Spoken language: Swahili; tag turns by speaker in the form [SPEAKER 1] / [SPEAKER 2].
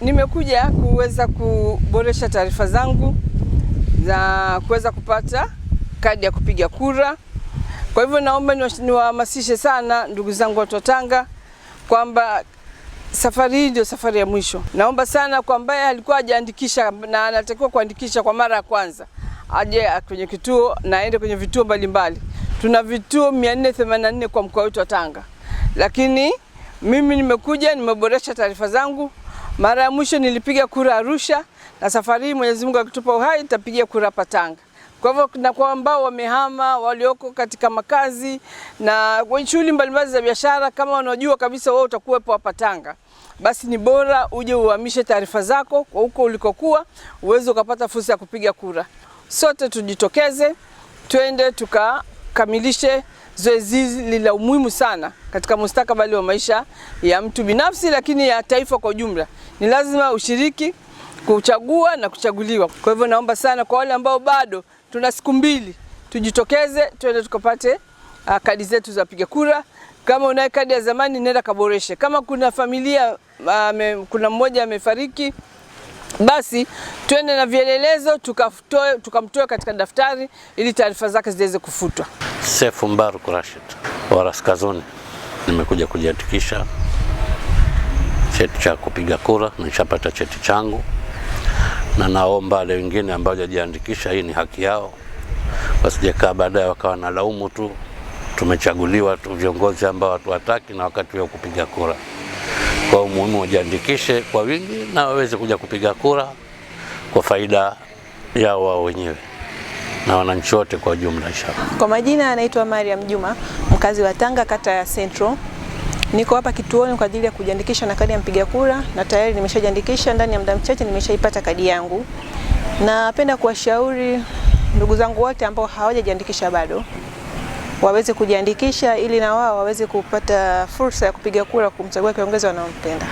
[SPEAKER 1] Nimekuja kuweza kuboresha taarifa zangu za kuweza kupata kadi ya kupiga kura. Kwa hivyo naomba niwahamasishe sana ndugu zangu watu wa Tanga kwamba safari hii ndio safari ya mwisho. Naomba sana kwa ambaye alikuwa hajaandikisha na anatakiwa kuandikisha kwa mara ya kwanza aje kwenye kituo na aende kwenye vituo mbalimbali Tuna vituo 484 kwa mkoa wetu wa Tanga, lakini mimi nimekuja nimeboresha taarifa zangu mara ya mwisho nilipiga kura Arusha na safari hii Mwenyezi Mungu akitupa uhai nitapiga kura Patanga. Kwa hivyo na kwa ambao wamehama, walioko katika makazi na shughuli mbalimbali za biashara, kama wanajua kabisa wao utakuwepo hapa Tanga, basi ni bora uje uhamishe taarifa zako kwa huko ulikokuwa, uweze ukapata fursa ya kupiga kura. Sote tujitokeze, twende tukakamilishe zoezi hili la umuhimu sana katika mustakabali wa maisha ya mtu binafsi, lakini ya taifa kwa ujumla. Ni lazima ushiriki kuchagua na kuchaguliwa. Kwa hivyo naomba sana kwa wale ambao bado tuna siku mbili, tujitokeze tuende tukapate ah, kadi zetu za piga kura. Kama unaye kadi ya zamani, nenda kaboreshe. Kama kuna familia uh, me, kuna mmoja amefariki basi twende na vielelezo tukamtoe tuka katika daftari ili taarifa zake ziweze kufutwa.
[SPEAKER 2] Sefu Mbaruk Rashid wa Raskazoni. Nimekuja kujiandikisha cheti cha kupiga kura, nishapata cheti changu, na naomba wale wengine ambao hawajajiandikisha, hii ni haki yao, wasijekaa baadaye wakawa na laumu tu, tumechaguliwa tu viongozi ambao hatuwataki na wakati wa kupiga kura. Kwa umuhimu muhimu wajiandikishe kwa wingi na waweze kuja kupiga kura kwa faida yao wao wenyewe na wananchi wote kwa jumla inshallah.
[SPEAKER 3] Kwa majina anaitwa Mariam Juma, mkazi wa Tanga, kata ya Central. Niko hapa kituoni kwa ajili ya kujiandikisha na kadi ya mpiga kura, na tayari nimeshajiandikisha. Ndani ya muda mchache nimeshaipata kadi yangu. Napenda kuwashauri ndugu zangu wote ambao hawajajiandikisha bado waweze kujiandikisha ili na wao waweze kupata fursa ya kupiga kura kumchagua kiongozi wanaompenda.